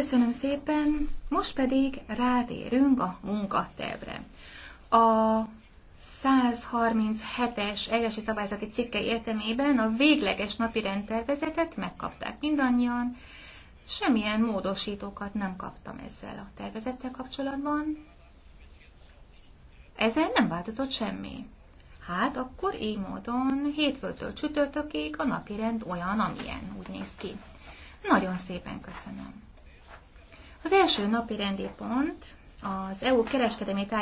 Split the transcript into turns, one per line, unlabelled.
Köszönöm szépen, most pedig rátérünk a munkatervre. A 137-es egyesi szabályzati cikke értelmében a végleges napi rendtervezetet megkapták mindannyian, semmilyen módosítókat nem kaptam ezzel a tervezettel kapcsolatban. Ezzel nem változott semmi. Hát akkor így módon hétfőtől csütörtökig a napirend olyan, amilyen, úgy néz ki. Nagyon szépen köszönöm. Az első napi rendi pont az EU kereskedelmi tárgyalások